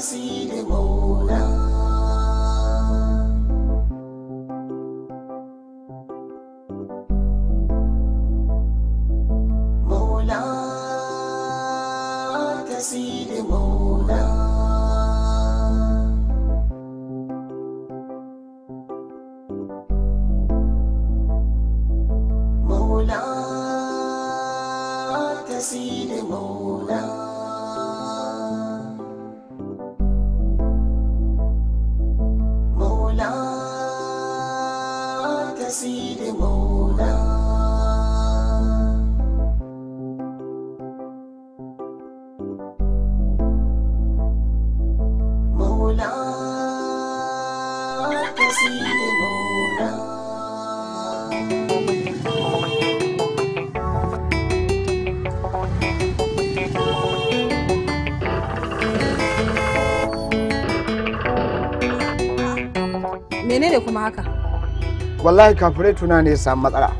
see the world. wallahi kafirai tuna ne ya samu matsala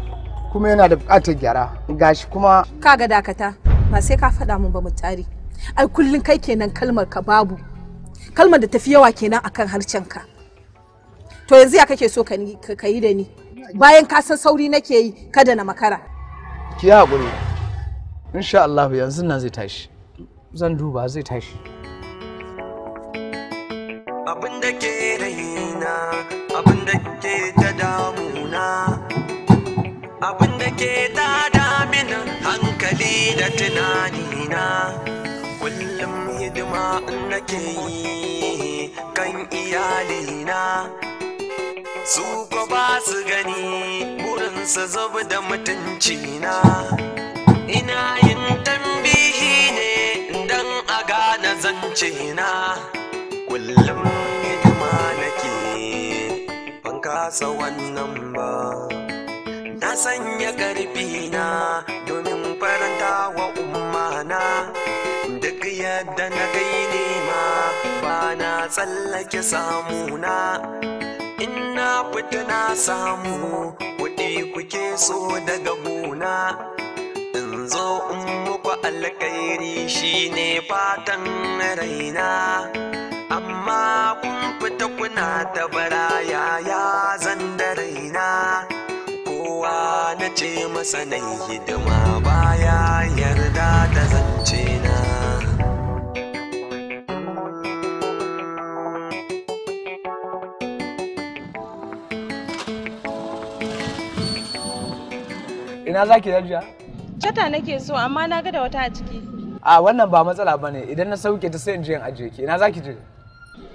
kuma yana da bukatar gyara gashi kuma kaga dakata ba sai ka faɗa mun ba mu tari ai kullun kai kenan kalmar ka babu kalmar da tafi yawa kenan akan harshen ka to yanzu ya kake so ka yi da ni bayan ka san sauri nake yi kada na makara ki haƙuri insha Allah yanzu nan zai tashi zan duba zai tashi abin ke raina abin da ke tada min hankali da tunanina kullum hidima nake yi kan iyalina su ko ba su gani burinsa zub da mutuncina ina yin tambihi ne don a gane na. kullum hidima nake ban kasa wannan ba sanya karfi na domin faranta wa ummana duk yadda na kai nema ba na tsallake samuna ina fita na samu kuɗi kuke so daga buna in zo in muku alkairi shine fatan raina amma kun fita kuna ta yaya zan da raina kowa na ce masa na hidima baya yarda da zance na ina za ki rajiya? Cata nake so amma na ga da wata a ciki. A wannan ba matsala ba ne idan na sauke ta sai in je in ajiye ki ina za ki je?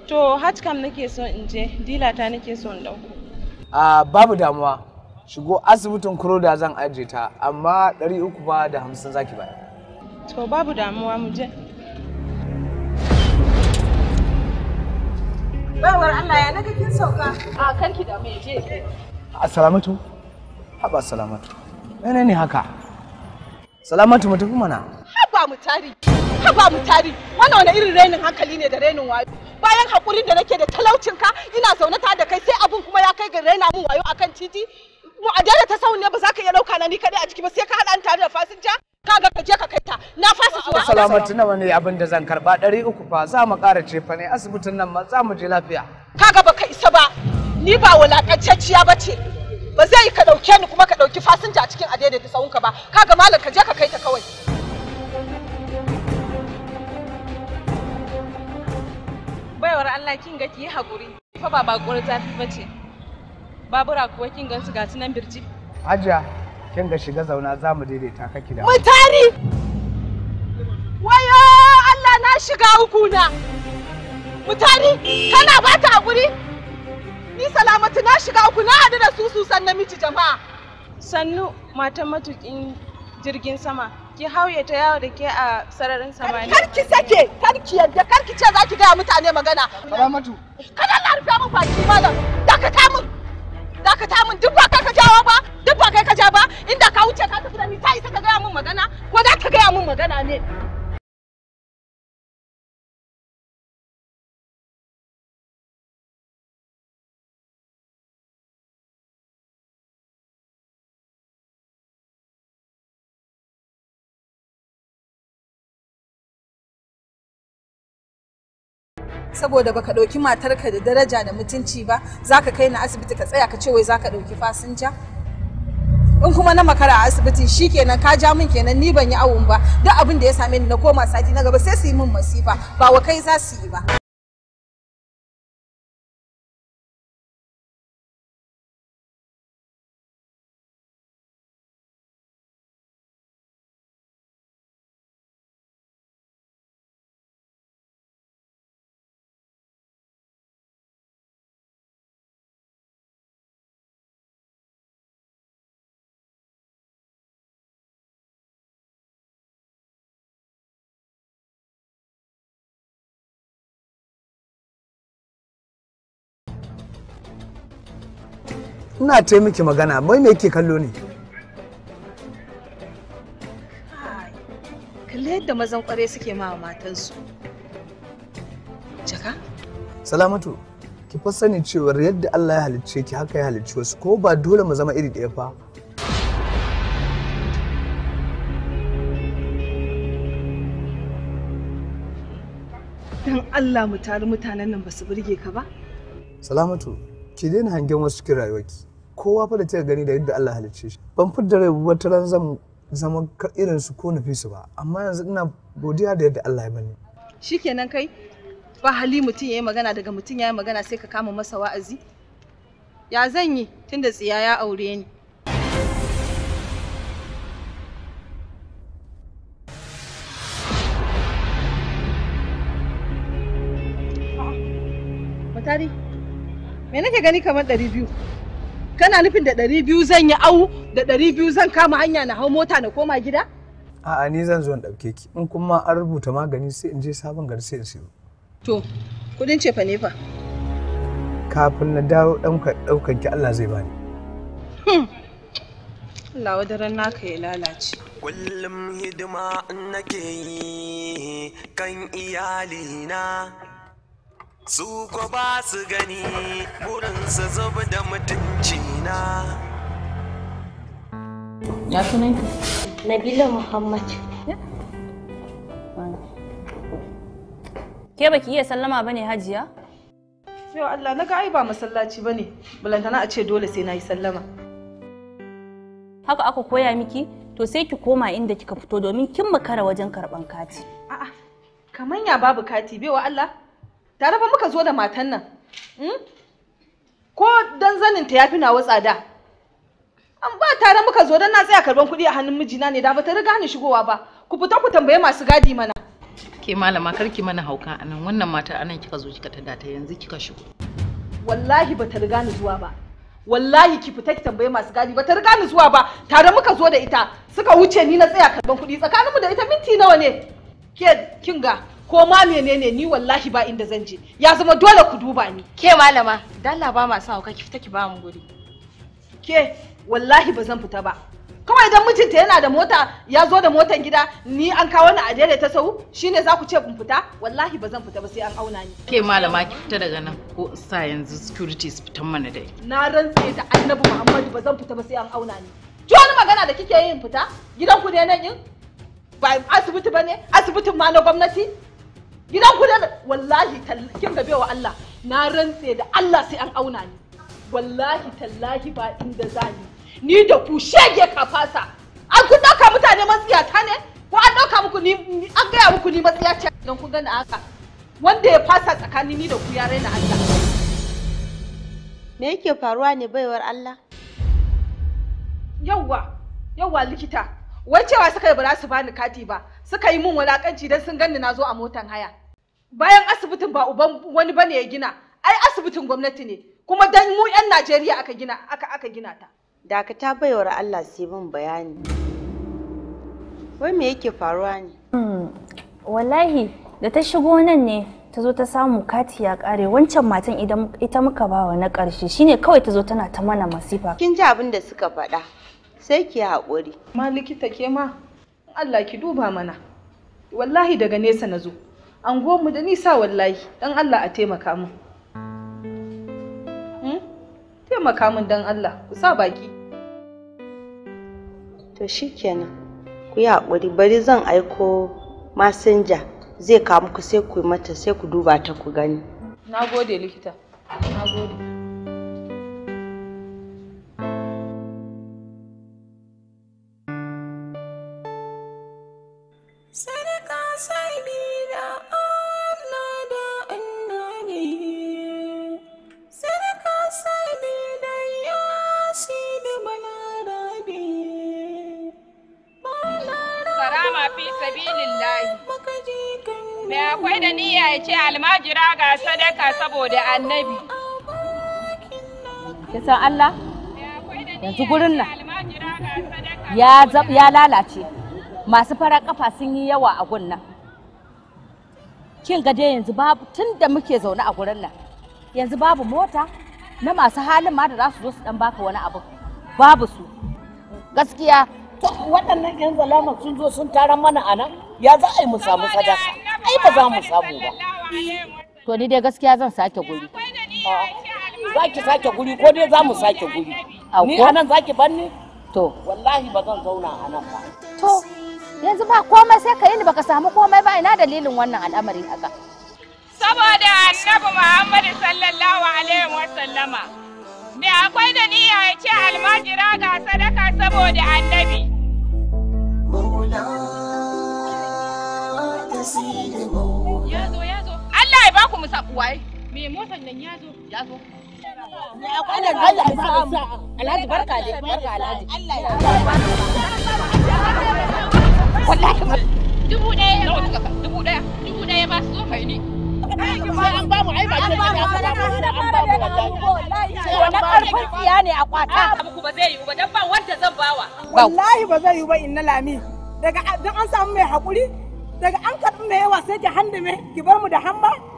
To na nake so in je dila ta nake so in dauko. A babu damuwa shigo asibitin kuro da zan aje ta amma uku ba da 50 zaki bayar to babu damuwa mu je bawar Allah ya naga kin sauka a kanki da mai je assalamatu haba salamatu mene ne haka salamatu mu tafi mana haba mu tari haba mu tari wannan wani irin renin hankali ne da renin wayo bayan hakurin da nake da talaucinka ina zaune ta da kai sai abun kuma ya kai ga raina mun wayo akan titi mu a dare ta sauni ba za ka iya dauka na ni kadai a ciki ba sai ka hada tare da fasinja ga ka je ka kai ta na fasa zuwa salamatu nawa ne abin da zan karba 300 fa za mu ƙara cefa ne asibitin nan ma za mu je lafiya Ka ba ka isa ba ni ba wulakantacciya ba ce ba zai ka dauke ni kuma ka dauki fasinja a cikin adaidaita da sawunka ba Ka ga malam ka je ka kai ta kawai baiwar Allah kin ga ki hakuri fa ba ba zafi ba ce babura kuwa kin gansu ga nan birji hajiya kin ga shiga zauna za mu daidaita kake da mutari wayo Allah na shiga uku na mutari kana ba ta guri ni salamatu na shiga uku na hadu da su susan namiji jama'a sannu matan matukin jirgin sama ki hauye ta yawo da ke a sararin samani. Kar ki sake, kar ki yadda, kar ki ce za ki gaya mutane magana. Salamatu. Kada Allah rufe mu baki malam, ta mu dakata min duk ba kai ka jawo ba duk ba kai ka ja ba inda ka wuce ka tafi da ni ta isa ka gaya min magana ko za ka gaya min magana ne saboda baka ɗauki matarka da daraja da mutunci ba zaka kai na asibiti ka tsaya ka ce wai za ka ɗauki fasinja in kuma na makara a asibiti shi kenan ka ja min kenan ni ban yi awon ba duk abin da ya same ni na koma sati na gaba sai su yi min masifa ba wa kai za su yi ba ina ta miki magana mai me yake kallo ne kalli yadda mazan kwarai suke ma matansu jaka salamatu ki fa sani cewar yadda Allah ya halicce ki haka ya halicce wasu ko ba dole mu zama iri ɗaya fa dan Allah mu tari mutanen nan ba su burge ka ba salamatu ki daina hangen wasu cikin ki kowa fa da ta gani da yadda Allah halicce shi ban fidda rai wata ran zan zama irin su ko nufi su ba amma yanzu ina godiya da yadda Allah ya bani shikenan kai ba hali mutum yayi magana daga mutum yayi magana sai ka kama masa wa'azi ya zan yi tunda tsiya ya aure ni me nake gani kamar ɗari biyu kana nufin da ɗari biyu zan yi awu da ɗari biyu zan kama hanya na hau mota na koma gida a'a ni zan zo in ɗauke ki in kuma an rubuta magani sai in je sabon gari sai in siyo to kudin fa ne fa kafin na dawo ɗaukan ki Allah zai bani hmm. Allah wadaran naka ya lalace kullum hidima nake yi kan iyalina su ko ba su gani burinsa zuba da mutunci na ya sunan ki nabila muhammad ke baki iya sallama bane hajiya yau allah na ga ai ba masallaci bane bulantana a ce dole sai na yi sallama haka aka koya miki to sai ki koma inda kika fito domin kin makara wajen karban kati a'a kamar ya babu kati bewa allah tare fa muka zo da matan nan hmm? ko dan zanin ta yafi nawa tsada an ba tare muka zo dan na tsaya karban kuɗi a hannun mijina ne da ba ta riga ni shigowa ba ku fita ku tambaye masu gadi mana ke malama karki mana hauka anan wannan mata anan kika zo kika tada ta yanzu kika shigo wallahi ba ta riga ni zuwa ba wallahi ki fita ki tambaye masu gadi ba ta riga ni zuwa ba tare muka zo da ita suka wuce ni na tsaya karban kuɗi tsakaninmu da ita minti nawa ne ke kinga ko ma menene ni wallahi ba inda zan je ya zama dole ku duba ni ke malama dalla ba ma sa hauka ki fita ki ba mu guri ke wallahi ba zan fita ba kawai idan mijinta yana da mota ya zo da motan gida ni an kawo ni a daidai ta sau shine za ku ce kun fita wallahi ba zan fita ba sai an auna ni ke malama ki fita daga nan ko in sa yanzu security su fitan mana dai na rantse da annabi muhammadu ba zan fita ba sai an auna ni ki wani magana da kike yin fita gidan ku ne nan in ba asibiti ba ne asibitin ma na gwamnati gidan ku da wallahi tallakin gabe wa Allah na rantse da Allah sai an auna ni wallahi tallahi ba inda za ni Ni da ku shege kafasa an kun dauka mutane matsiyata ne ko an dauka muku ni an gaya muku ni matsiyata? don ku gani haka wanda ya fasa tsakanin ni da ku ya raina Allah me yake faruwa ne baiwar Allah yawwa yawwa likita wai cewa suka yi ba za su bani kati ba suka yi min wulakanci don sun ganni na zo a motan haya bayan asibitin ba uban wani bane ya gina ai asibitin gwamnati ne kuma dan mu yan Najeriya aka gina aka aka gina ta dakata baiwar Allah sai min bayani wai me yake faruwa ne hmm, wallahi da ta shigo nan ne ta zo ta samu kati ya kare wancan matan idan ita muka bawa na karshe shine kawai ta zo tana ta mana masifa kin ji abin da suka faɗa sai ki haƙuri ma likita ke ma Allah ki duba mana wallahi daga nesa na zo mu da nisa wallahi dan Allah a taimaka min hmm? taimaka min dan Allah ku sa baki to shikenan ku yi haƙuri bari zan aiko masinja zai kawo muku sai ku mata sai ku duba ta ku gani na gode likita na gode almajira ga sadaka saboda annabi ki san Allah yanzu gurin nan ya ya lalace masu fara kafa sun yi yawa a gun nan kin ga dai yanzu babu tunda muke zaune a gurin nan yanzu babu mota na masu halin ma da za su zo su dan baka wani abu babu su gaskiya to waɗannan yan zalama sun zo sun tara mana a nan ya za a yi mu samu sadaka ai ba za mu samu ba To ni dai gaskiya zan sake guri. Za ki sake guri ko dai za mu sake guri. Ni a nan za ki banni To. Wallahi ba zan zauna a nan ba. To yanzu ba komai sai ka yi ni baka samu komai ba ina dalilin wannan al'amari haka. Saboda annabi Muhammadu sallallahu alaihi wa sallama. Me akwai da niyya ya ce almajira ga sadaka saboda annabi. Maula ta waye ba ku musa uwaye. me motar nan ya zo ya zo Alhaji barka dai barka Alhaji Allah ya wallahi dubu ɗaya ya ba su. dubu ɗaya dubu ɗaya ba su ne ba mu ai ba ba zai yiwu ba dan ba wanda zan ba zai inna lami daga an samu mai hakuri daga an yawa sai ki handame ki bar mu da hamma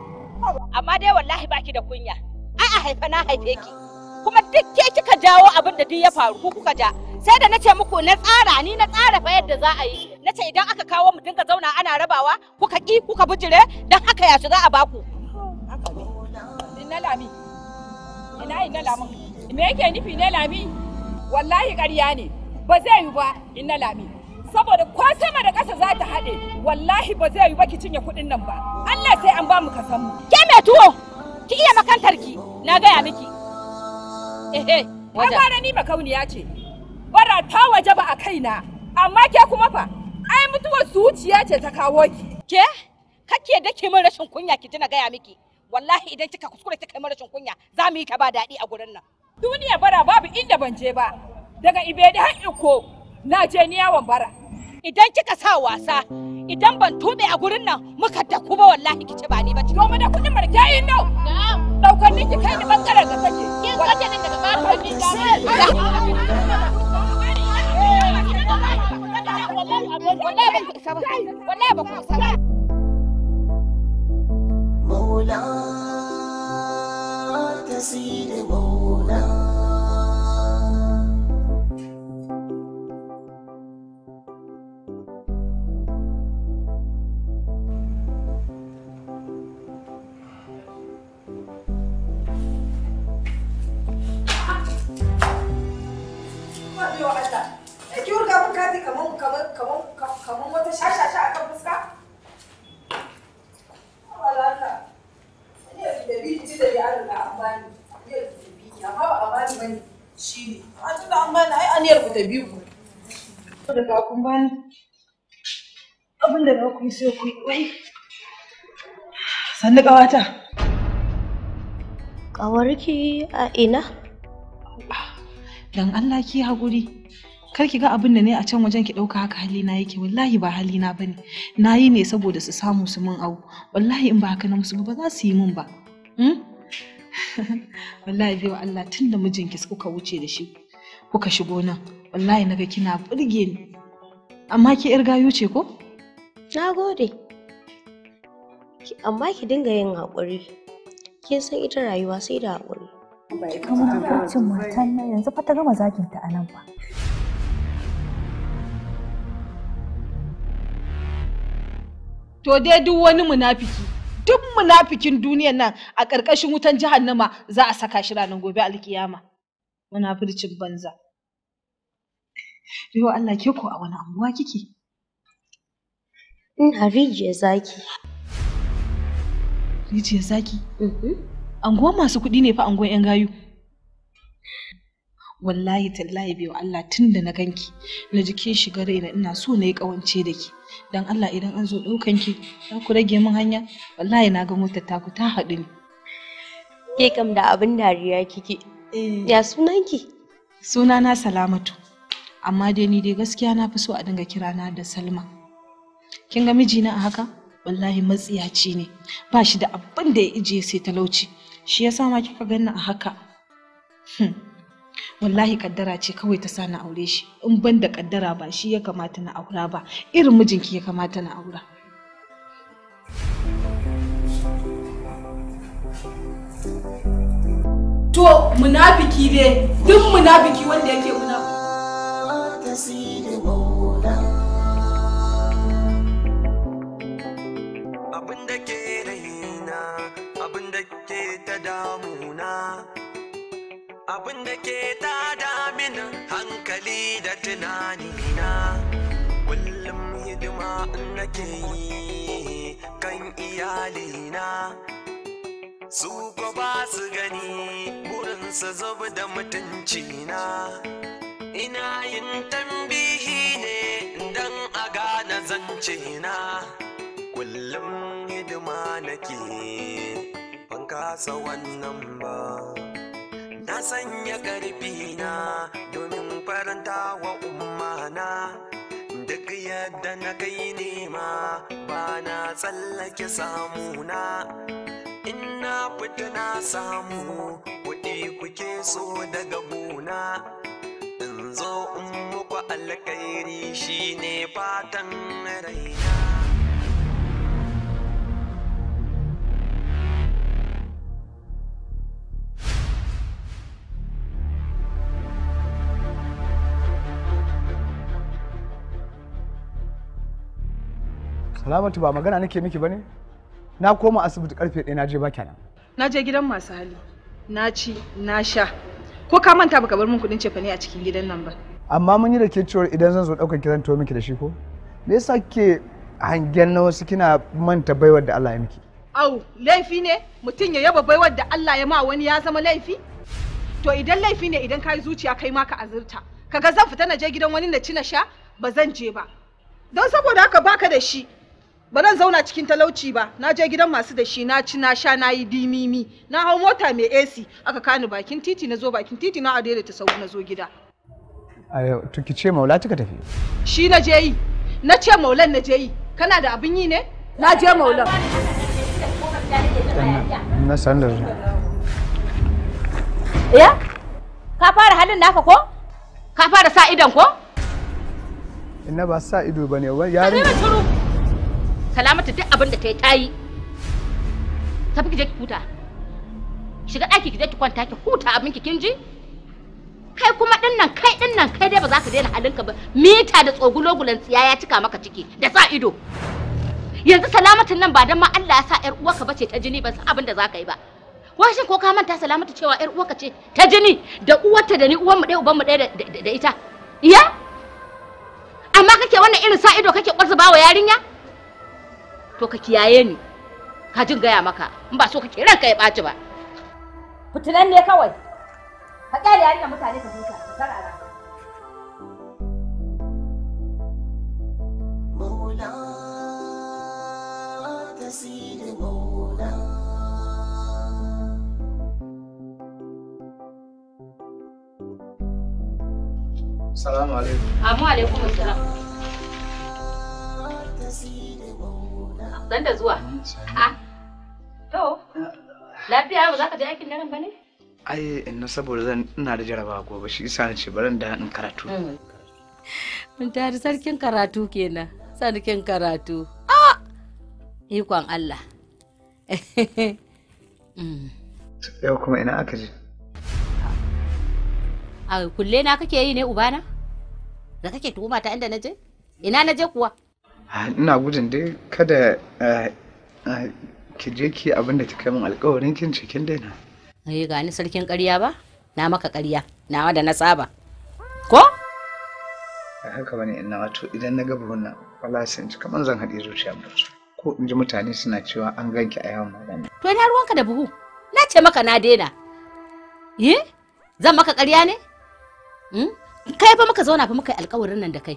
Amma dai wallahi baki da kunya. Ai a haifa na haife ki. Kuma duk ke kika jawo abin da duk ya faru ku kuka ja. Sai da nace muku na tsara ni na tsara fa yadda za a yi. Nace idan aka kawo mu dinka zauna ana rabawa kuka ki kuka bujire dan haka shi za a baku. na lami. Ina ina Lami? Me yake nufi ne lami? Wallahi ƙarya ne. Ba zai yi ba inna lami. saboda ko sama da ƙasa za ta haɗe wallahi ba zai yi ba ki cinye kuɗin nan ba Allah sai an ba mu kasan mu ke mai tuwo ki iya makantar ki na gaya miki ehe ai bara ni ba kauniya ce bara ta waje ba a kaina amma ke kuma fa ai mutuwar zuciya ce ta kawo ki ke kake da ke min rashin kunya ki na gaya miki wallahi idan kika kuskure kika yi min rashin kunya za mu yi ta ba daɗi a gurin nan duniya bara babu inda ban je ba daga ibedi har iko na je niyawan bara idan kika sa wasa idan ban tube a gurin nan muka da ku ba wallahi ki ci ba ni ba ci mu da kudin marjayin nau daukar ni kai ni bangaren da take kin kace nan daga kafin ni wallahi ba ku isa ba maula tasiri maula kai kaman kaman kaman kaman wata shashasha akan fuska walaka ne da bi ji da ya riga an bani ne da bi amma ba a bani ne. shine an tunda an amfani, ai aniyar ku ta biyu ku da ka kun bani abin da ba ku yi sai ku yi wai sannu ƙawata ƙawarki a ina dan Allah ki haƙuri kar ki ga abin da ne a can wajen ki ɗauka haka halina yake wallahi ba halina bane na yi ne saboda su samu su mun abu wallahi in ba haka na musu ba za su yi mun ba hmm? wallahi biyo Allah tun da mijinki kuka wuce da shi kuka shigo nan wallahi naga kina burge ni amma ki yar gayu ce ko na gode amma ki dinga yin haƙuri kin san ita rayuwa sai da haƙuri ki kama mutuncin mutan nan yanzu fa ta gama zaginta a nan ba to dai duk wani munafiki duk munafikin duniyar nan a ƙarƙashin wutan jahannama za a saka shi ranar gobe alkiyama munafircin banza Yau Allah ke ko a wani amuwa kike? Ina rijiya zaki. Rijiyar zaki? Mhm. Anguwan masu kuɗi ne fa anguwan 'yan gayu. wallahi tallahi biyu Allah tun da na ganki na jikin shiga raina ina so na yi kawance da ki dan Allah idan an zo ɗaukan ki za ku rage min hanya wallahi na ga motar taku ta haɗu ne ke kam da abin dariya kike eh. ya sunan ki suna na salamatu amma dai ni dai gaskiya na fi so a dinga kira na da salma kin ga mijina a haka wallahi matsiyaci ne ba shi da abin da ya ijiye sai talauci shi yasa ma kika ganna a haka hmm. wallahi kaddara ce kawai ta sa na aure shi in ban da kaddara ba shi ya kamata na aura ba irin mijinki ya kamata na aura to munafiki dai duk munafiki wanda yake munafiki ta damuna abin da ke tada min hankali da tunani na kullum hidima nake yi kan iyalina su ko ba su gani su zub da mutunci na ina yin tambihi ne dan a gane zance na kullum hidima nake ban kasa wannan ba na sanya karfi na domin faranta wa ummana duk yadda na kai nema ba na tsallake samuna in na fita na samu kuɗi kuke so daga buna in zo in muku alkairi shine fatan raina Salamatu ba magana nake miki bane? Na koma asibiti karfe 1 na je ba kenan. Na je gidan masu hali. Na ci, na sha. Ko ka manta baka bar min kuɗin cefa ne a cikin gidan nan ba. Amma mun yi da idan zan zo ɗaukar kiran to miki da shi ko? Me yasa ke hangen na wasu kina manta baiwar da Allah ya miki? Au, laifi ne mutum ya yaba baiwar da Allah ya ma wani ya zama laifi? To idan laifi ne idan ka yi zuciya kai ma ka azurta. Kaga zan fita na je gidan wani na ci na sha ba zan je ba. Don saboda haka baka da shi ba zan zauna cikin talauci ba na je gidan masu da shi na ci na sha na yi dimimi na hau mota mai AC aka kani bakin titi na zo bakin titi na adaida ta sau na zo gida to ki ce maula kika tafi shi na je yi na ce maulan na je yi kana da abin yi ne na je maulan na san da ya ka fara halin naka ko ka fara sa idan ko ina ba sa ido bane yarinya salamatu duk abin da ta yi ta yi tafi ki je ki huta shiga ɗaki ki je ki kwanta ki huta abin ki kin ji kai kuma din nan kai din nan kai dai ba za ka daina halin ka ba mita da tsogulogulan tsiya ya cika maka ciki da sa ido yanzu salamatin nan ba dan ma Allah ya sa ƴar uwarka bace ta jini ban san abin da za ka yi ba washin ko ka manta salamatu cewa ƴar uwarka ce ta jini da uwarta da ni uwanmu ɗaya ubanmu ɗaya da ita iya amma kake wannan irin sa ido kake ƙwarzuba wa yarinya to ka kiyaye ni ka jin gaya maka in ba so kake ranka ya ɓaci ba fitinan ne kawai ka kyale da mutane ka huta ka sarara Salamu alaikum. Amu alaikum salam. san da zuwa ah. to lafiya ba za ka je aikin daren ba ne ai na saboda zan ina da jaraba gobe shi isa ce bari da in karatu mm. mun tare sarkin karatu kenan sarkin karatu a ah! ikon Allah mm. yau kuma ina aka je a kulle na kake yi ne ubana da kake tuhuma ta inda na je ina na je kuwa Ah, ina gudun dai kada eh, eh, ki je ki abin da kika min alkawarin kin cikin daina eh ga ni sarkin ƙarya ba na maka ƙarya nawa da na saba ko haka bane ina wato idan na gaba wannan wala san ji kaman zan haɗe zuciya mu ko in ji mutane suna cewa an ganki a yawan magana to ina ruwanka da buhu na ce maka na daina eh zan maka ƙarya ne hmm? kai fa muka zauna fa muka yi alkawarin nan da kai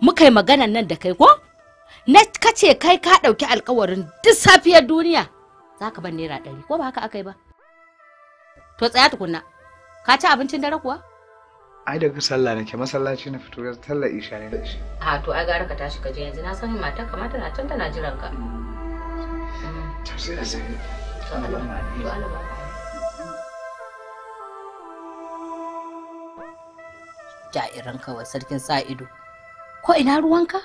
muka yi maganan nan da kai ko na kace kai ka ɗauki alkawarin duk safiyar duniya za ka ban naira ɗari ko ba haka aka yi ba to tsaya tukunna ka ci abincin dare kuwa ai daga sallah nake masallaci na fito talla isha ne da shi a to ai gara ka tashi ka je yanzu na san mata kamata na can tana jiran ka ja'iran kawai sarkin sa ido ko ina ruwanka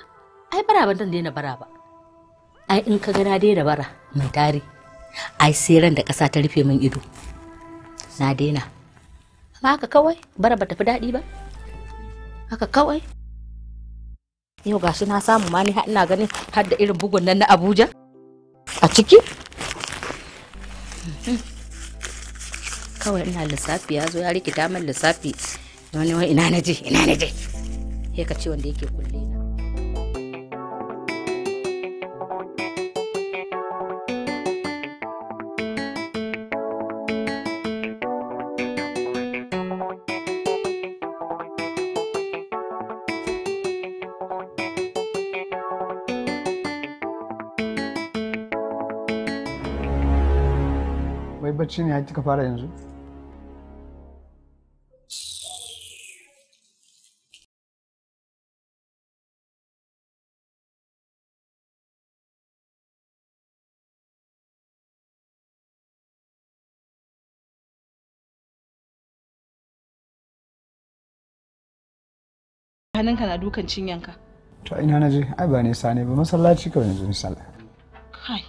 ai bara ban daina bara ba ai in ka ga na daina bara mai tare ai sai ran da ƙasa ta rufe min ido na daina amma haka kawai bara ba tafi daɗi ba haka kawai yau gashi na samu ma ni ina ganin har da irin bugun nan na abuja a ciki hmm. kawai ina lissafi ya zo ya rikita min lissafi wani wai ina na je ina na je ya ka ce wanda yake kulle na wai bacci ne har kika fara yanzu hannunka na dukan cinyanka to ina na je ai ba nisa ne ba masallaci kawai yanzu ni kai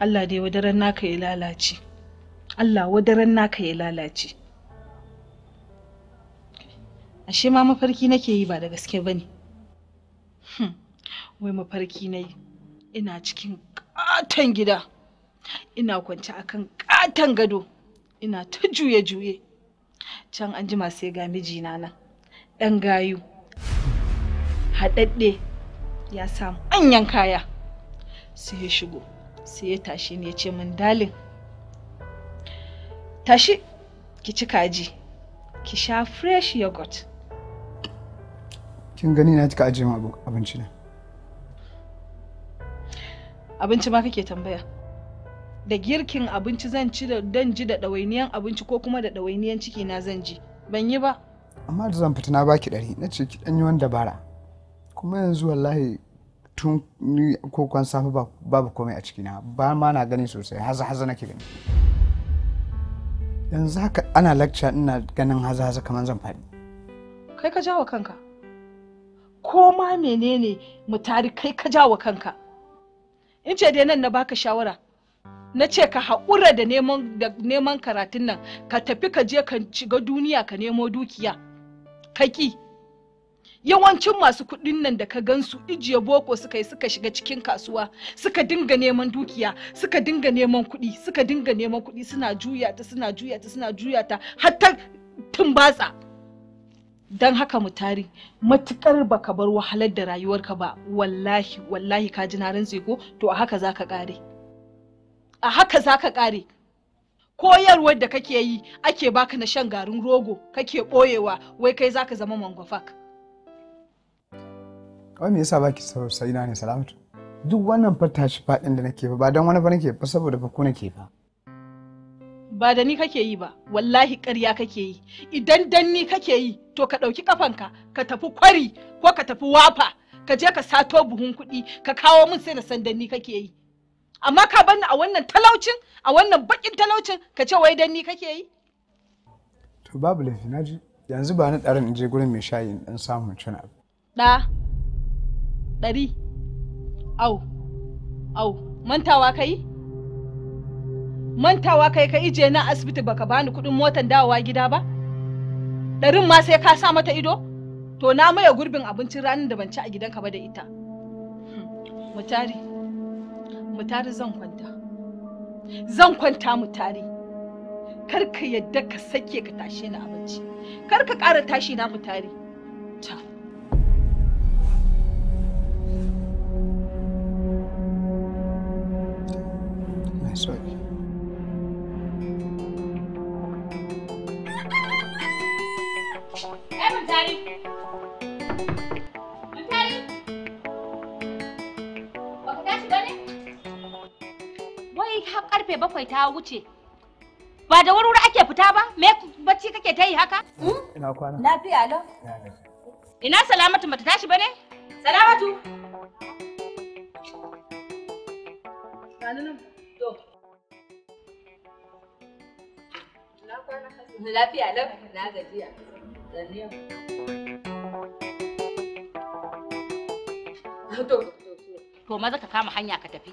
Allah dai wadaran naka ya lalace Allah wadaran naka ya lalace ashe ma mafarki nake yi ba da gaske bane hmm. wai mafarki na ina cikin katon gida ina kwance akan katon gado ina ta juye-juye can an jima sai ga mijina nan ɗan gayu haɗaɗɗe ya samu anyan kaya sai ya shigo sai ya tashi ne ya ce min dalin tashi ki ci kaji ki sha fresh yogurt kin gani na cika ajiye abinci ne abinci ma kake tambaya da girkin abinci zan ci da ji da ɗawainiyan abinci ko kuma da ɗawainiyan ciki na zan ji ban yi ba amma da zan fita na baki ɗari na ce ki ɗanyi wani dabara kuma yanzu wallahi tun ni kwan safe babu komai a cikina ba ma na gani sosai haza haza nake gani yanzu haka ana lakca ina ganin haza haza kamar zan faɗi kai ka jawo kanka ko ma menene mutari kai ka jawo kanka in ce dai nan na baka shawara na ce ka haƙura da neman karatun nan ka tafi ka je ka shiga duniya ka nemo dukiya kaki yawancin masu kuɗin nan da ka gansu ijiye boko suka yi suka shiga cikin kasuwa suka dinga neman dukiya suka dinga neman kuɗi suka dinga neman kuɗi suna juya ta suna juya ta suna juya ta hatta tumbatsa don haka mu tari matukar baka bar wahalar da rayuwarka ba wallahi wallahi ka ji na ranzego to a haka ka kare a haka za ka ƙare koyarwar da kake yi ake baka na shan garin rogo kake ɓoyewa wai kai za ka zama mangwafak kawai me yasa baki sai na ne salamatu duk wannan fata shi faɗin da nake ba don wani ba nake ba saboda ba ko nake ba ba da ni kake yi ba wallahi karya kake yi idan dan ni kake yi to ka ɗauki kafanka ka tafi kwari ko ka tafi wafa ka je ka sato buhun kuɗi ka kawo min sai na san dan ni kake yi amma ka ni a wannan talaucin a wannan bakin talaucin ka ce wai dan ni kake yi to babu laifi na ji yanzu ba ni ɗarin in je gurin mai shayi in dan samu cin abu da dari au au mantawa kai mantawa kai ka ije na asibiti baka bani kuɗin motar dawowa gida ba ɗarin ma sai ka sa mata ido to na maye gurbin abincin ranar da ban ci a gidanka ba da ita hmm, mutari mu tare zan kwanta zan kwanta mu kar ka yadda ka sake ka tashi na abinci kar ka ƙara tashi na mu ta karfe bakwai ta wuce. Ba da wuri ake fita ba? Me bacci kake ta yi haka? Hmm? Ina kwana. Lafiya lo. Ina salamatu mata tashi bane? Salamatu. Lafiya lau, na gajiya. To maza ka kama hanya ka tafi.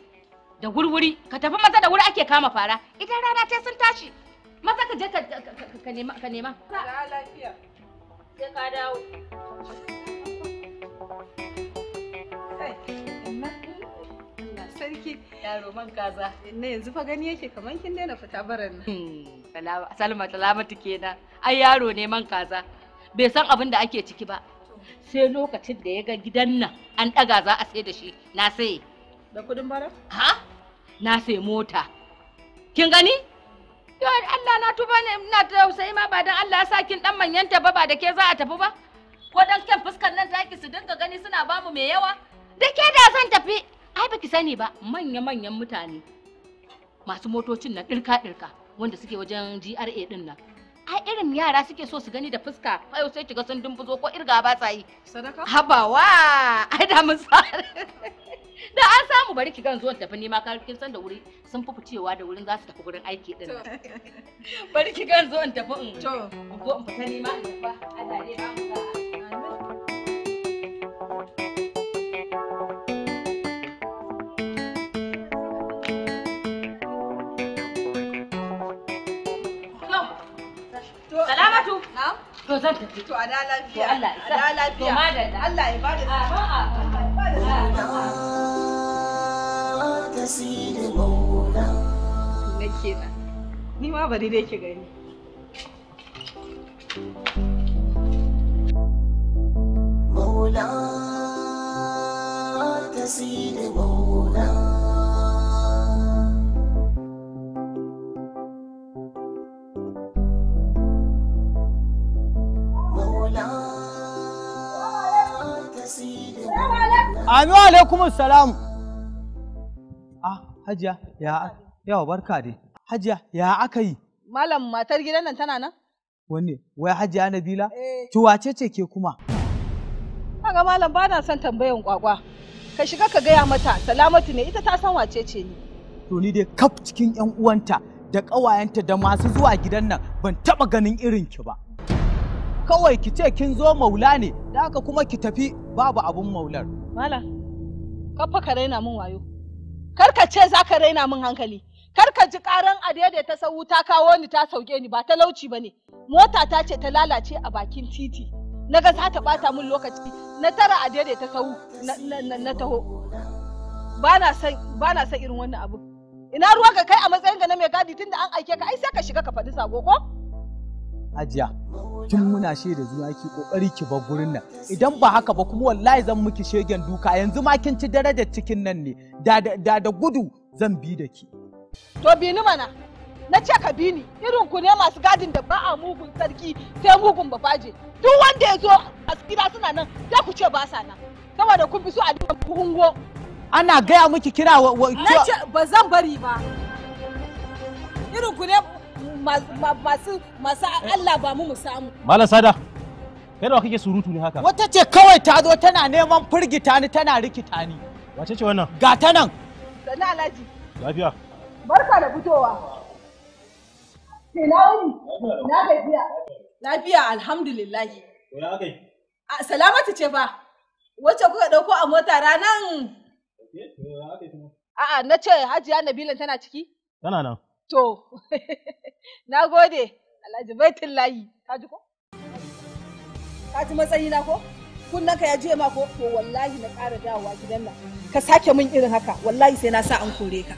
da gurguri ka tafi maza da wuri ake kama fara idan rana ce sun tashi maza ka je ka nema ka nema ka lafiya sai ka dawo yaro man kaza na yanzu fa gani yake kaman kin daina fita baran nan hmm, ai yaro ne kaza bai san abin da ake ciki ba sai lokacin da ya ga gidan nan an ɗaga za a sai da shi na sai da kudin bara na sai mota kin gani yo Allah na tuba ne ina tausayi ma ba dan Allah ya sa kin dan manyanta ba ba da ke za a tafi ba ko dan kan fuskar nan taki su dinga gani suna bamu mai yawa da ke da zan tafi ai baki sani ba manya manyan mutane masu motocin na dirka dirka wanda suke wajen GRA din nan ai irin yara suke so su gani da fuska ai sai kiga sun dumbuzo ko irga ba sa yi sadaka habawa ai da mun da an samu bari ki gan zuwan tafi nima kar kin san da wuri sun fi ficewa da wurin za su tafi gurin aiki din bari ki gan zuwan tafi in to ko in fita nima in fa Allah ya ba mu sa'a To zan tafi. To Allah ya sa. lafiya. Allah ya bada sa'a. Tasiri mauna. na. Ni ma bari dai ki gani. Maula. Tasiri mauna. Amin wa alaikum salam. Ah, Hajiya, ya yawa barka dai. Hajiya, ya aka yi? Malam matar gidan nan tana nan? Wanne? Wai Hajiya Nabila? Ki eh. wace ce ke kuma? Kaga malam bana son tambayan kwakwa. Ka shiga ka gaya mata, Salamatu ne ita ta san wace ce ni. To ni dai kaf cikin 'yan uwanta da ƙawayenta da masu zuwa gidan nan ban taɓa ganin irin ki ba. kawai ki ce kin zo maula ne da haka kuma ki tafi babu abun maular mala kafa ka raina min wayo karka ce za ka raina min hankali karka ji karan adede ta sau ta kawo ni ta sauke ni ba talauci ba ne mota ta ce ta lalace a bakin titi na ga za ta bata min lokaci na tara adede ta sau na taho ba na son irin wannan abu ina ruwa ka kai a matsayin ga na mai gadi tunda an aike ka ai sai ka shiga ka faɗi sago ko ajiya tun muna shaida zuwa ki kokari ki ba gurin nan idan ba haka ba kuma wallahi zan miki shegen duka yanzu ma kin ci darajar cikin nan ne da da gudu zan bi da ki to bi ni mana na ce ka bi ni irin ku ne masu gadin da ba a mugun sarki sai mugun babaje duk wanda ya zo a gida suna nan sai ku ce ba sa nan saboda kun fi so a dinga hungo ana gaya miki kira wa ba zan bari ba irin ku ne masu Allah ba mu samu. Malam Sada, kai da kake surutu ne haka? Wata ce kawai ta zo tana neman firgita ni tana rikita ni. Wace ce wannan? Ga ta nan. Sani Alhaji. Lafiya. Barka da fitowa. Ke na wuni? gajiya. Lafiya alhamdulillahi. Ya aka yi? Salamatu ce fa. wace kuka ɗauko a mota ranan? A'a na ce Hajiya Nabila tana ciki? Tana nan. To, na gode, Alhaji baitin layi, ka ji ko? Ka ji matsayi na ko? Kunnen ka ya je ma ko? To wallahi na ƙara dawowa gidan nan. Ka sake min irin haka, wallahi sai na sa an kore ka.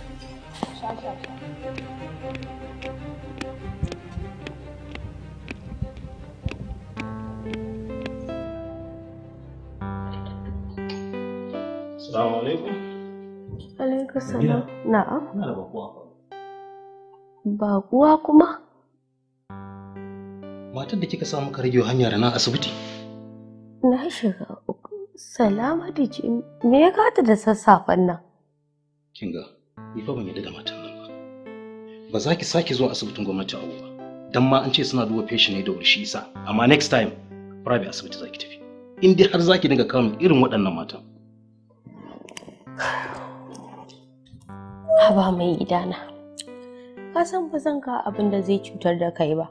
Salamu alaikum. Alaikum salam. Na'am. Na da bakuwa. ba kuma matar da kika samu rage hanya da na asibiti na shiga uku da ce me ya kata da sassafen nan kinga ni fa ban yadda da matan nan ba ba za ki sake zuwa asibitin gwamnati a ba dan ma an ce suna duba feshi ne da wuri shi isa amma next time private asibiti za ki tafi in dai har za ki dinga kawo irin waɗannan matan haba mai gidana ka san ba zan kawo abin da zai cutar da kai ba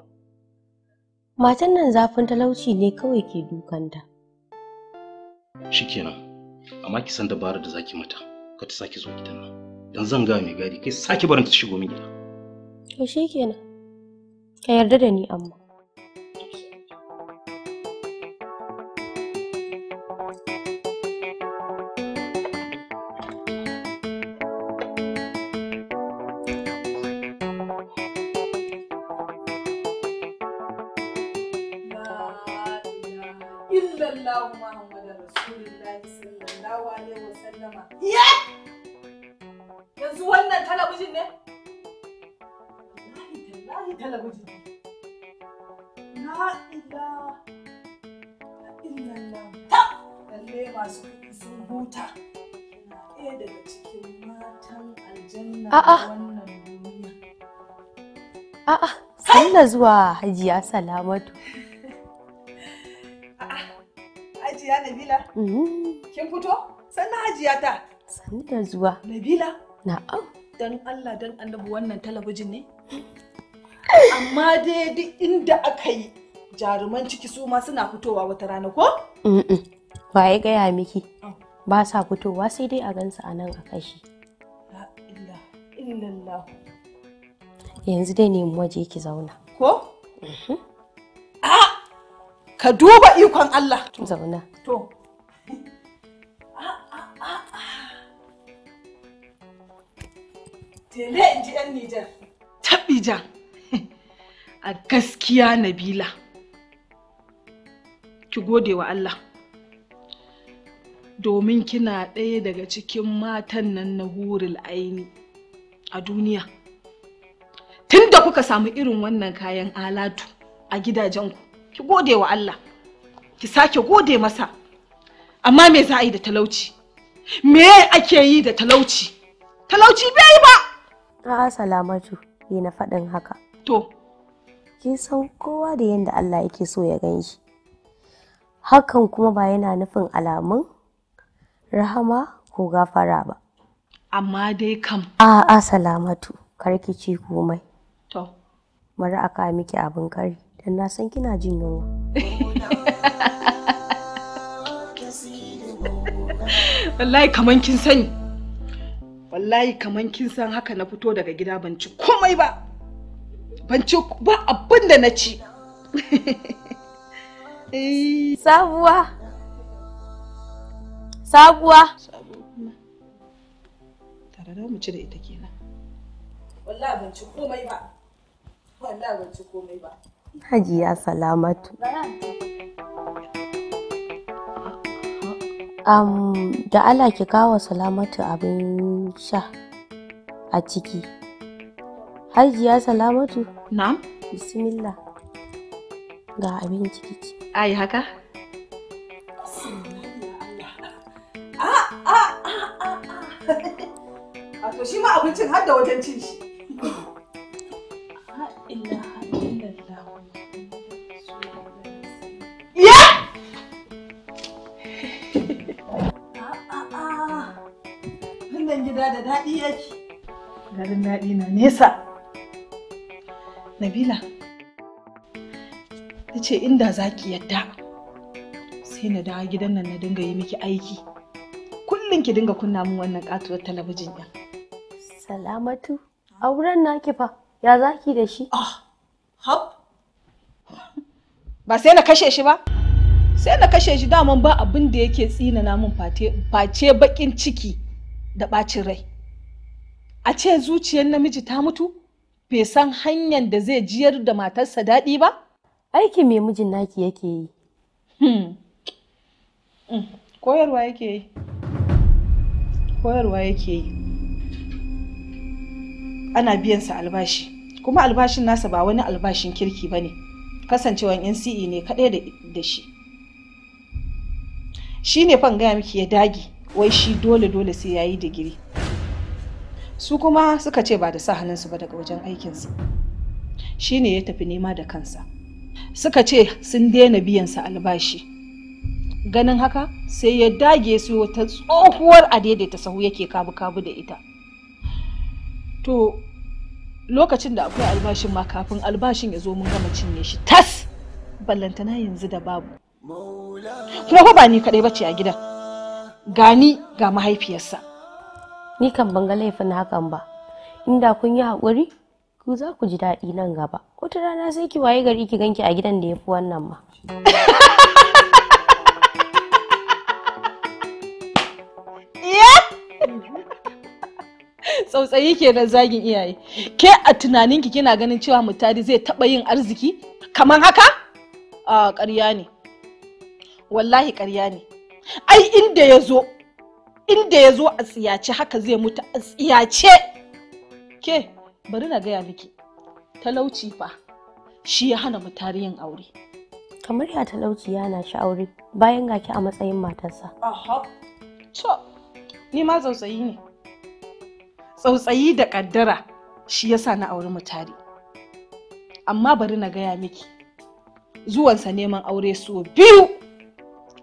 matan nan zafin talauci ne kawai ke dukanta shikenan amma ki san dabarar da zaki mata ka ta sake zo gidan nan dan zan ga mai gadi kai sake barin ta shigo min gida to shikenan ka yarda da ni amma sallallahu Muhammadu Rasulullahi sallallahu alaihi wasallama. Ya! Yanzu wannan talabijin ne? masu kuɗi sun huta. A'a, zuwa hajiya salamatu. Mm-hmm. Kin fito? Sannan hajiya ta. Sannu da zuwa. Nabila. Na'am. Dan Allah dan annabi wannan talabijin ne? Amma dai duk inda aka yi jaruman ciki su ma suna fitowa wata rana ko? Waye gaya miki? Ah. Ba sa fitowa sai dai a gansa a nan a kashi. Yanzu dai nemi waje ki zauna. Ko? Mm-hmm. Ah! Ka duba ikon Allah. Zauna. To. Tele in ji 'yan Nijar. Taɓija. A gaskiya Nabila. Ki gode wa Allah. Domin kina ɗaya daga cikin matan nan na hurul aini a duniya. Tun da kuka samu irin wannan kayan alatu a gidajenku, ki gode wa Allah. Ki sake gode masa. Amma me za a yi da talauci? Me ake yi da talauci? Talauci bai ba! A'a salamatu yi na faɗin haka. To. Kin san kowa da yadda Allah yake so ya gan shi. Hakan kuma ba yana nufin alamun rahama ko gafara ba. Amma dai kam. A'a salamatu karki ci komai. To. Mara a kawo miki abin kari don na san kina jin yunwa. Wallahi kamar kin sani. wallahi kaman kin san haka na fito daga gida ban ci komai ba ban ci ba abin da na ci eh. sabuwa sabuwa tare da mu ci da ita kenan wallahi ban ci komai ba wallahi ban ci komai ba hajiya salamatu um, da Allah ki kawo salamatu abin sha a ciki hajiya salamatu na'am bismillah ga abin ciki ai haka ah, ah, ah, wato shi ma abincin har da wajen cin shi gida da daɗi yake. Garin daɗi na nesa. Nabila, ta ce inda za ki yadda sai na dawo gidan nan na dinga yi miki aiki. Kullum ki dinga kunna min wannan ƙatuwar talabijin ɗin. Salamatu, auren naki fa, ya za ki da shi? Ah, Ba sai na kashe shi ba? Sai na kashe shi daman ba abin da yake tsinana min face bakin ciki. da ɓacin rai a ce zuciyar namiji ta mutu bai san hanyar da zai jiyar da matarsa daɗi ba aiki mai mijin naki yake yi hmm. Hmm. koyarwa yake yi koyarwa yake yi ana biyansa albashi kuma albashin nasa ba wani albashin kirki ba ne kasancewan nce ne kaɗai da shi shi ne fan gaya miki ya dage wai shi dole dole sai yayi digiri su kuma suka ce ba da sa su ba daga wajen aikinsa. shi ne ya tafi nema da kansa suka ce sun daina biyansa albashi ganin haka sai ya dage su ta tsohuwar ta sahu yake kabu-kabu da ita to lokacin da akwai albashin ma kafin albashin ya zo mun gama cinye shi tas ballantana yanzu da babu kuma ba ni kaɗai bace a gidan gani ga mahaifiyarsa ni kan ban ga laifin hakan ba inda kun yi haƙuri ku za ku ji daɗi nan gaba wata rana sai ki waye gari ki ganki a gidan da ya fi wannan ma tsautsayi da zagin iyaye ke a tunaninki kina ganin cewa mutari zai taɓa yin arziki kamar haka a ah, ƙarya ne wallahi ƙarya ne ai inda ya zo inda ya a tsiyace haka zai mutu a tsiyace ke bari na gaya miki talauci fa shi ya hana mu yin aure kamar ya talauci yana shi aure bayan gaki a matsayin matarsa aha to ni ma tsautsayi ne tsautsayi da kaddara shi yasa na auri mutari amma bari na gaya miki zuwansa neman aure so biyu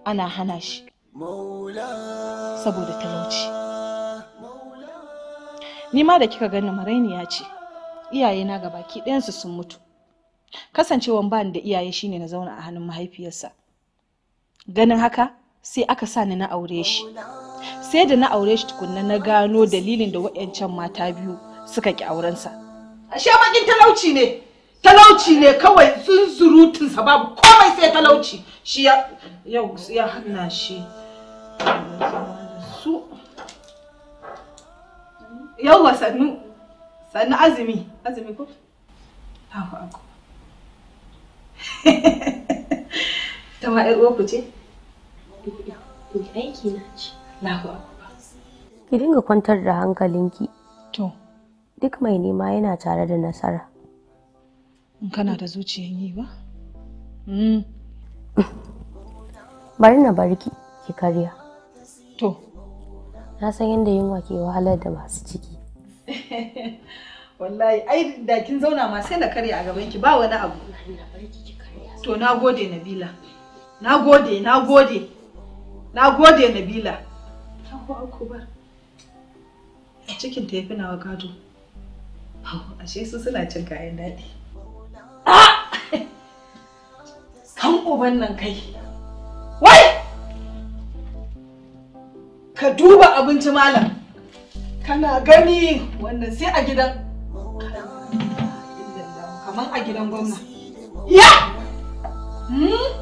ana hana shi saboda talauci ni ma da kika gani marainiya ce iyayena ga baki ɗayansu sun mutu kasancewan bani da iyaye shine na zauna a hannun mahaifiyarsa ganin haka sai aka sa ni na aure shi sai da na aure shi tukunna na gano dalilin da wayancan mata biyu suka ki aurensa ashe bakin talauci ne talauci ne kawai sun surutunsa babu komai sai talauci shi ya ya hanna shi su yawwa sannu sannu azumi azumi ko Allahu akbar ta ma ƴar ku ce aiki na ce ki dinga kwantar da hankalinki to duk mai nema yana tare da nasara in kana da zuciyar yi ba hmm. bari na barki ki karya To. Na san yadda yunwa ke wahalar da masu ciki. Wallahi, ai da kin zauna ma sai na karya a gaban ki ba wani abu. To na gode Nabila. Na gode, na gode. Na gode Nabila. ba. A Cikin ta yafi nawa gado. Ashe su suna cin kayan daɗi. Ah! Kan uban nan kai. ka duba abinci malam kana gani wannan sai a gidan kamar a gidan gwamna ya hmm?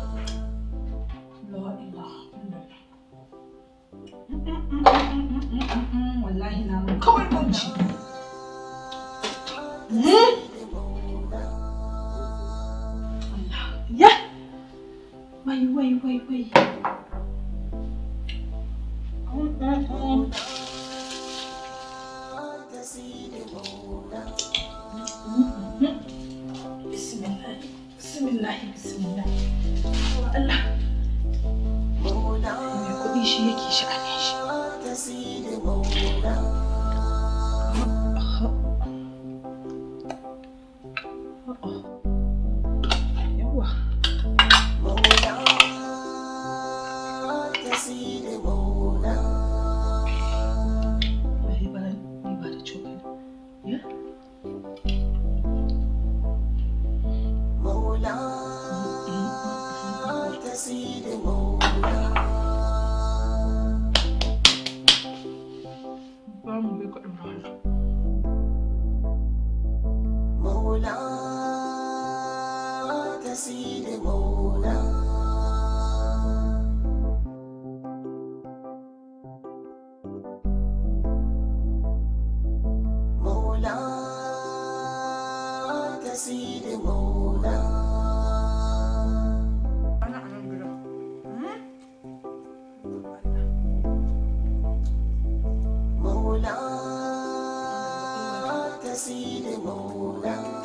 سيد مولانا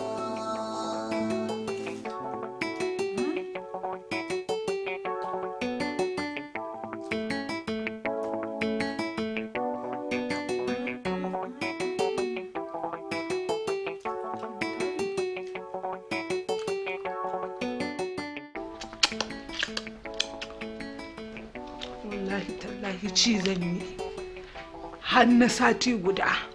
wallahi tallahi ci zan yi har na sati guda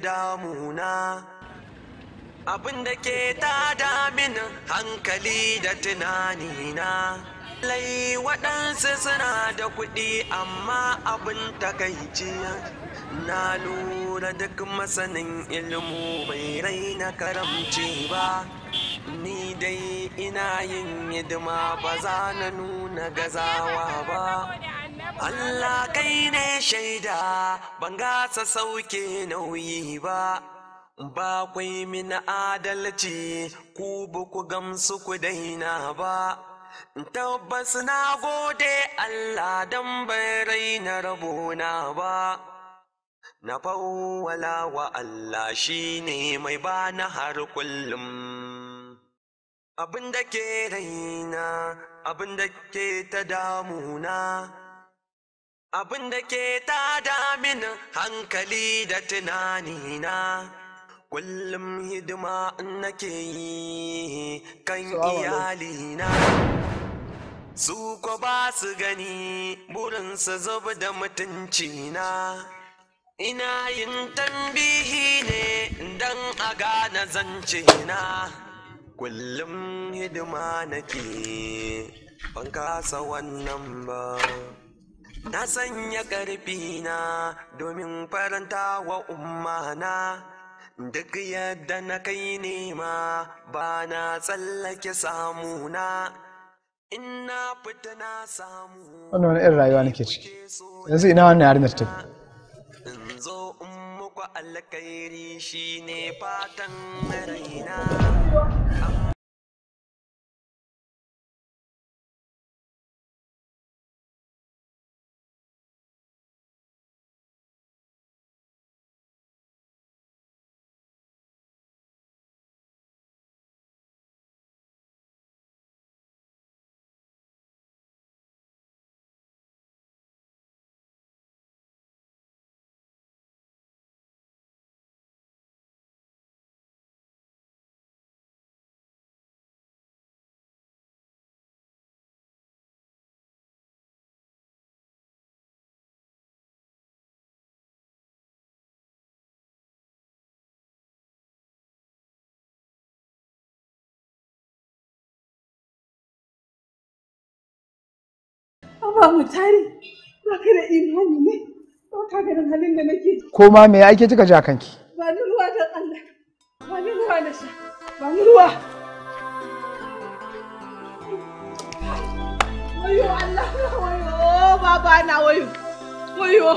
damuna abin da ke ta damin hankali da tunanina lai waɗansu suna da kuɗi amma abin takaici na lura duk masanin ilmu bai raina karamci ba ni dai ina yin hidima ba za na nuna gazawa ba Allah kai ne shaida ban gasa sauke nauyi ba ba kwai adalci ku ku gamsu ku daina ba tabbas na gode Allah don bai raina rabona ba na fawwala wa Allah shi ne mai na har kullum. Abin da ke raina, abin da ke ta damuna, Abin da ke tada min hankali da tunanina, kullum hidima nake yi kan iyalina. Su ko ba su gani burinsu zub da mutuncina. Ina yin tambihi ne don a gane zancina, kullum hidima nake ban kasa wannan ba. Na sanya na domin faranta wa ummana duk yadda na kai nema ba na tsallake samuna ina fita na samu. Wannan wani irin rayuwa nake ciki, yanzu ina wannan yarin da ta tafi. Zo in muku alkairi shi ne fatan raina. ba mu tare ba ka da imani ne ba ka ganin halin da nake ko ma me ake kika ji kanki ba ni ruwa da Allah ba ni ruwa da sha ba ni ruwa wayo Allah wayo baba na wayo wayo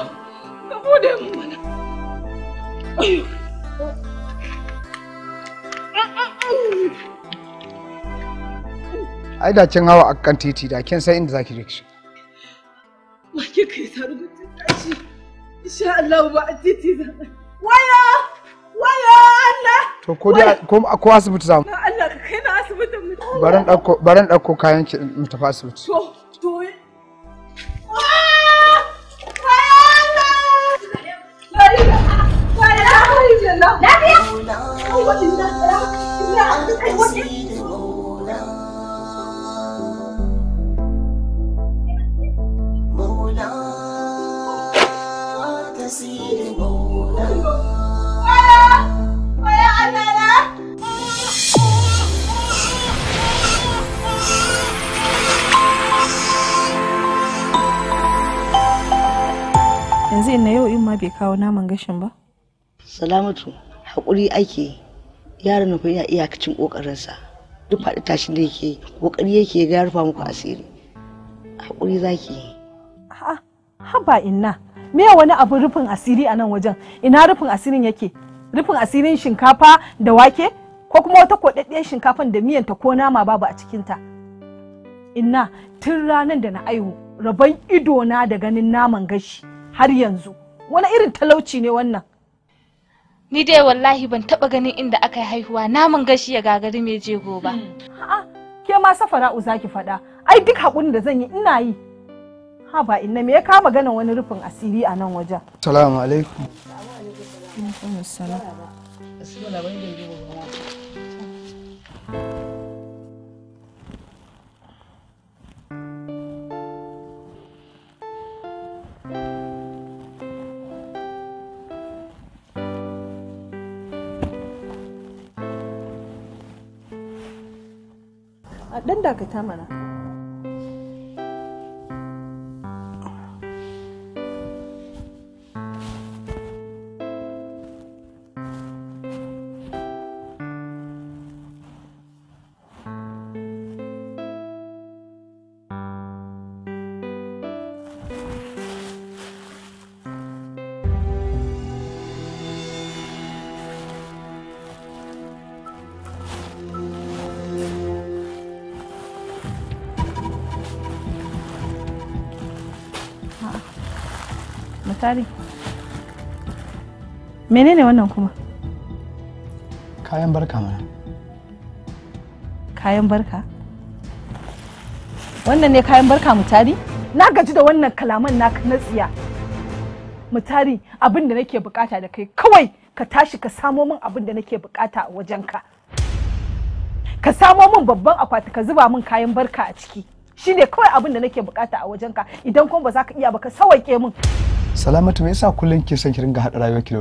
ka bude mu mana wayo ai da kin hawa akan titi da kin san inda zaki je ki Wa kika yi sargutun tashi? Insha Allah ba a titi za Waya! Waya Allah! To ko da ko asibiti za mu. Na Allah ka kai na asibitin mu. Baran ɗauko baran kayan ki mu tafi asibiti. To to Lafiya? yanzu ina yau in ma bai kawo naman gashin ba salamatu haƙuri ake yaron na iya iyakacin ƙoƙarinsa duk faɗi tashi da yake ƙoƙari yake ga ya rufa muku asiri haƙuri zaki yi ba inna me wani abu rufin asiri a nan wajen ina rufin asirin yake rufin asirin shinkafa da wake ko kuma wata kodaddiyar shinkafan da miyanta ko nama babu a cikinta inna tun ranar da na aihu rabon ido na da ganin naman gashi har yanzu wani irin talauci ne wannan ni dai wallahi ban taba ganin inda aka yi haihuwa namun gashi ya gagari mai jego ba a'a ke ma safara safara'u zaki faɗa ai duk hakun da zan yi ina yi ha ba inna me ya kama gana wani rufin asiri a nan wajen assalamu alaikum assalamu alaikum dan dakata mana Tari. Menene wannan kuma? Kayan barka mana. Kayan barka? Wannan ne kayan barka mutari? Na gaji da wannan kalaman na na mu Mutari abin da nake bukata da kai kawai ka tashi ka samo min abin da nake bukata a wajenka. Ka samo min babban akwati ka zuba min kayan barka a ciki. Shine kawai abin da nake bukata a wajenka idan kuma ba za ka iya ba ka sawaike min. salamatu me yasa kullum ke son ki ringa hada rayuwarki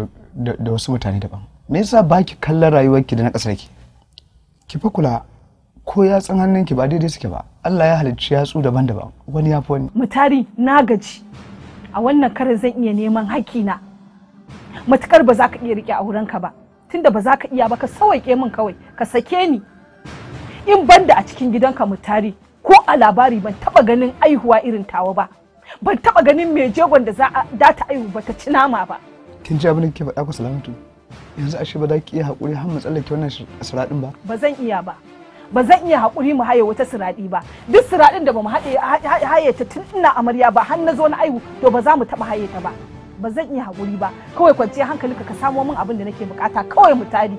da wasu mutane daban me yasa ba ki kallon rayuwarki da na kasar ki ki fa kula ko ya hannun ki ba daidai suke ba Allah ya halicci yatsu daban-daban wani ya fi wani mutari na gaji a wannan karin zan iya neman na matukar ba za ka iya rike ka ba tunda ba za ka iya ba ka sawaike min kawai ka sake ni in banda a cikin gidanka mutari ko a labari ban taba ganin aihuwa irin tawa ba ban taba ganin mai jegon da za a ta aihu ba ta ci nama ba kin ji abin da kike faɗa ku salamatu yanzu ashe ba za ki iya haƙuri har matsalar tsallake wannan siraɗin ba ba zan iya ba ba zan iya haƙuri mu haye wata siraɗi ba duk siraɗin da ba mu haye ta tun ina amarya ba har na zo na aihu to ba za mu taɓa haye ta ba ba zan iya haƙuri ba kawai kwance hankali ka samo min abin da nake bukata kawai mu tari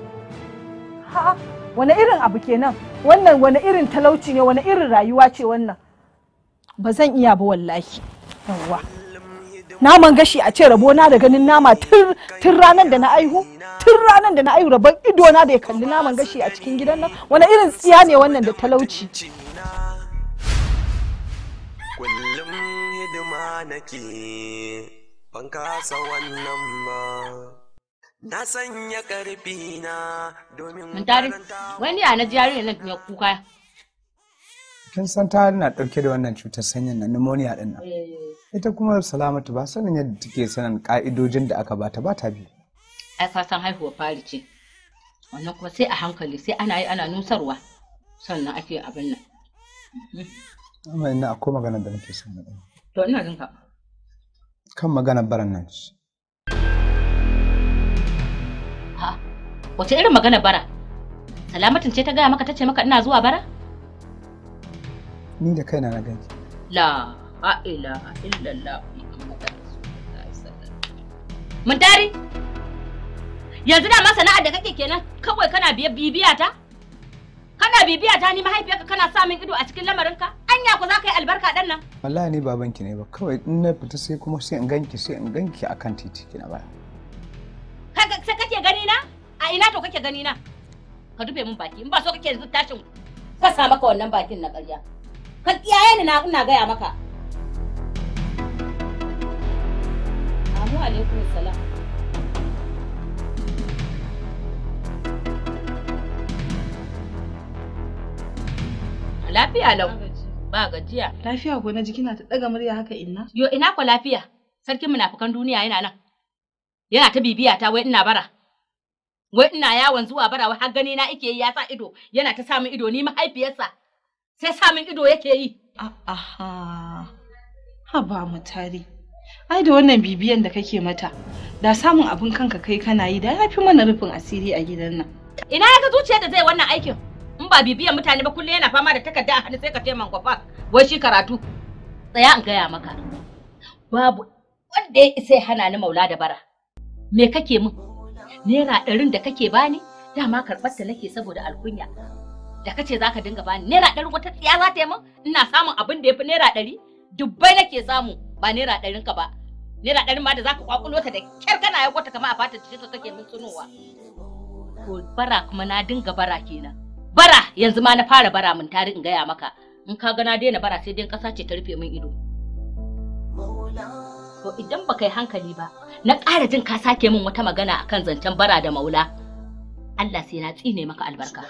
ha wani irin abu kenan wannan wani irin talauci ne wani irin rayuwa ce wannan ba zan iya ba wallahi yawwa naman gashi a ce rabo na da ganin nama tun ranar da na aihu tun ranar da na aihu rabon ido na da ya kalli naman gashi a cikin gidan nan wani irin tsiya ne wannan da talauci na sanya karfi na domin wani ya na jari nan ya kuka kin san ta na dauke da wannan cutar sanyin na pneumonia din nan eh. ita kuma salamatu ba sanin yadda take sanin ka'idojin da aka bata ba ta ai ka san haihuwa fari ce wannan kuma sai a hankali sai ana yi ana nusarwa sannan ake abin nan amma ina akwai magana da nake son na to ina jin ka kan magana baran nan ha wace irin magana bara salamatin ce ta gaya maka ta ce maka ina zuwa bara ni da kaina na gani la la ilaha illallah muhammadu rasulullahi mun tare yanzu da masana da kake kenan kawai kana bibiya ta kana bibiya ta ni mahaifiyarka kana sa min ido a cikin lamarinka anya ku za ka yi albarka dan nan wallahi ni babanki ne ba kawai in na fita sai kuma sai in ganki sai in ganki akan titi kina ba sai kake gani na a ina to kake gani na ka rufe min baki in ba so kake yanzu tashin fasa maka wannan bakin na ƙarya ka kiyaye ni na ina gaya maka Wa alaikum salam. Lafiya lau. Ba gajiya. Lafiya ko na jiki na ta ɗaga murya haka inna? Yo ina ko lafiya? Sarkin munafukan duniya yana nan. Yana ta bibiya ta wai ina bara. Wai ina yawon zuwa bara wai har gani na ike yi ya sa ido yana ta samun ido ni mahaifiyarsa. Sai samun ido yake yi. Aha. Haba mu tare. ai da wannan bibiyan da kake mata da samun abin kanka kai kana yi da ya fi mana rufin asiri a gidan nan ina ya ga zuciya da zai wannan aikin in ba bibiyan mutane ba kullum yana fama da takarda a hannu sai ka ce man kwafa wai shi karatu tsaya in gaya maka babu wanda ya isa ya hana ni maula da bara me kake min naira ɗarin da kake bani dama karɓar ta nake saboda alkunya da kace zaka dinga bani naira ɗarin wata tsiya za ta yi min ina samun abin da ya fi naira ɗari dubbai nake samu ba naira ɗarin ka ba naira ɗarin ma da zaka kwakulo ta da kyar kana ya kwata kama a fata cikin ka kake min tunowa Ko bara kuma na dinga bara kenan bara yanzu ma na fara bara mun tari in gaya maka in ka ga na daina bara sai dai kasa ce ta rufe min ido to idan ba kai hankali ba na ƙara jin ka sake min wata magana akan zancen bara da maula Allah sai na tsine maka albarka.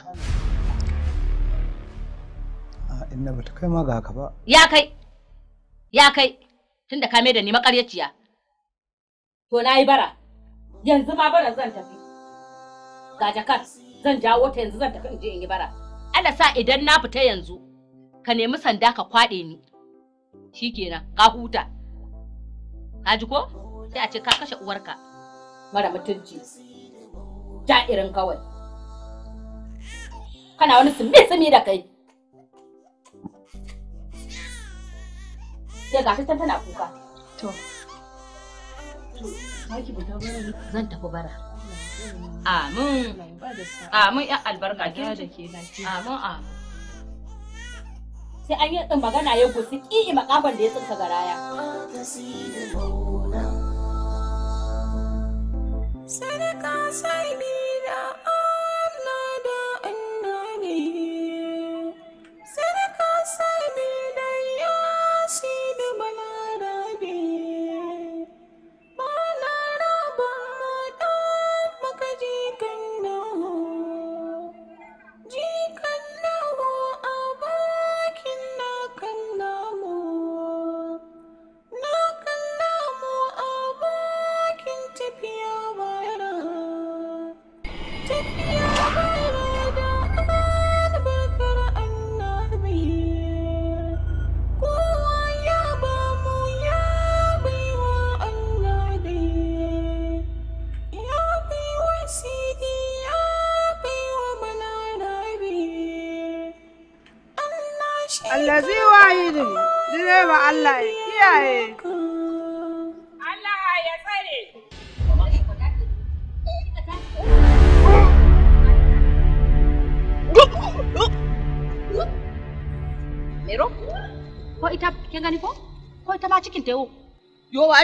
inna bata kai ma ga haka ba. Ya kai, ya kai, tunda ka da ni makaryaciya. To na yi bara, yanzu ma bara zan tafi. Ga jakar zan jawo ta yanzu zan tafi in je in yi bara. Allah sa idan na fita yanzu ka nemi sanda ka kwaɗe ni. Shikenan ka huta. Ka ji ko? Sai a ce ka kashe uwarka. Mara mutunci. Ja irin kawai. Kana wani sumi-sumi da kai. sai ga ta tana kuka to zan tafi bara amin amin yan albarka kin amin amin sai an yi tsin magana ya gusi ƙi makafan da ya tsinka garaya. Sadaka sai bi da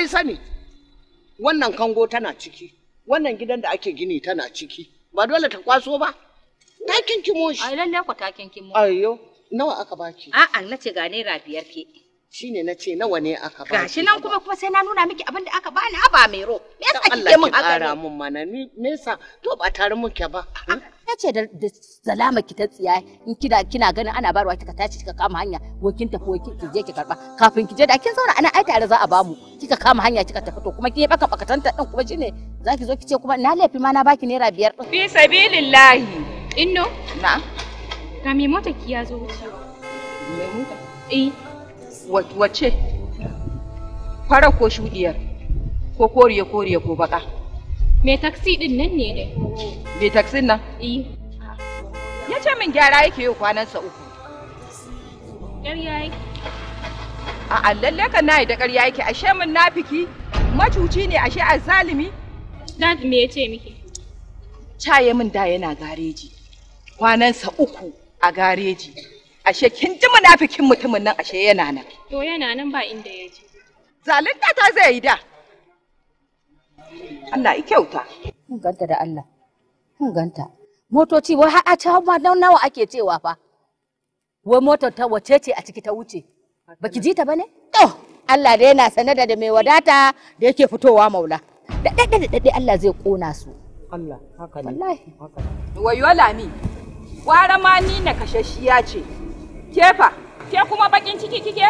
ai sani wannan kango tana ciki wannan gidan da ake gini tana ciki ba dole ta kwaso ba takin kimoshi ai lalle ku takin kimoshi ayyo nawa aka baki a'a nace ga naira biyar ke shine na ce nawa ne aka ba gashi nan kuma kuma sai na nuna miki abin da aka bani haba mai ro me yasa kike min haka Allah mun mana ni me yasa to ba tare muke ba hmm? ce da salama ki ta tsiya in kina kina ganin ana barwa kika tashi kika kama hanya wokin tafi wakin ki je ki karba kafin ki je da kin zauna ana ai tare za a ba mu kika kama hanya kika tafi to kuma kin baka bakatanta din kuma shine zaki zo ki ce kuma na laifi ma na baki naira biyar fi sabilillahi inno na'am ga mota ki ya zo wucewa me mota eh wace fara ko shuɗiyar ko koriya koriya ko baka me taksi din nan ne dai me taksin nan eh ya ce min gyara yake yau kwanansa uku ƙarya yake a lalle kan na da ƙarya yake ashe min nafiki macuci ne ashe azzalimi na me ya ce miki chaye min da yana gareji kwanansa uku a gareji ashe kin ji munafikin mutumin nan ashe yana nan to yana nan ba inda ya je zalunta ta zai yi da Allah ya kyauta mun ganta da Allah mun ganta motoci wai har a ta ma nawa ake cewa fa wai motar ta wace ce a ciki ta wuce baki ji ta bane to Allah da yana sanar da mai wadata da yake fitowa maula da dade da dade Allah zai kona su Allah haka ne wallahi haka ne wayo lami gwara ma ni na kashashiya ce Kefa, ke kuma bakin ciki kike?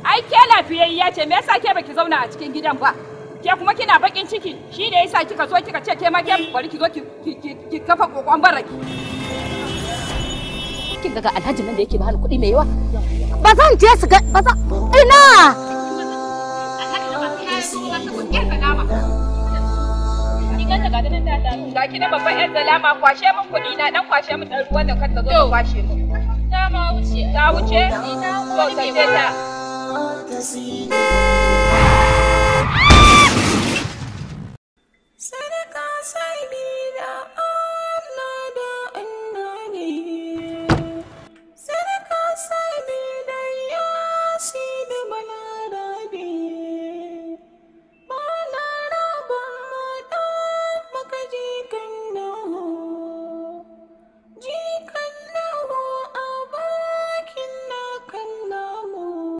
Ai ke lafiyayya ce, me yasa ke baki zauna a cikin gidan ba? Ke kuma kina bakin ciki, shi ne yasa kika zo kika ce ke ma ke bari ki zo ki kafa kokon baraki. Kin ga Alhaji nan da yake bani kuɗi mai yawa? Ba zan je su ga ba zan ina. Ga ki babban 'yan zalama kwashe min kuɗi na dan kwashe min ɗan ruwan da kan zo kwashe min. ta ma wuce ta wuce to sake ta Sadaka sai bida